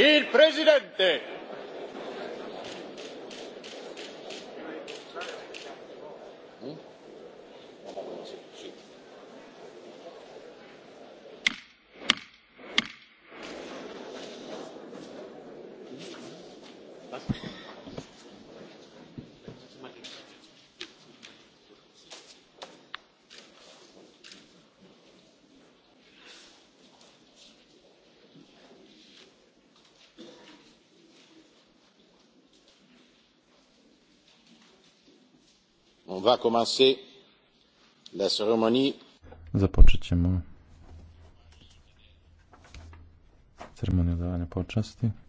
Il presidente On va commencer la cérémonie. Započet ćemo ceremoniju davanja počasti.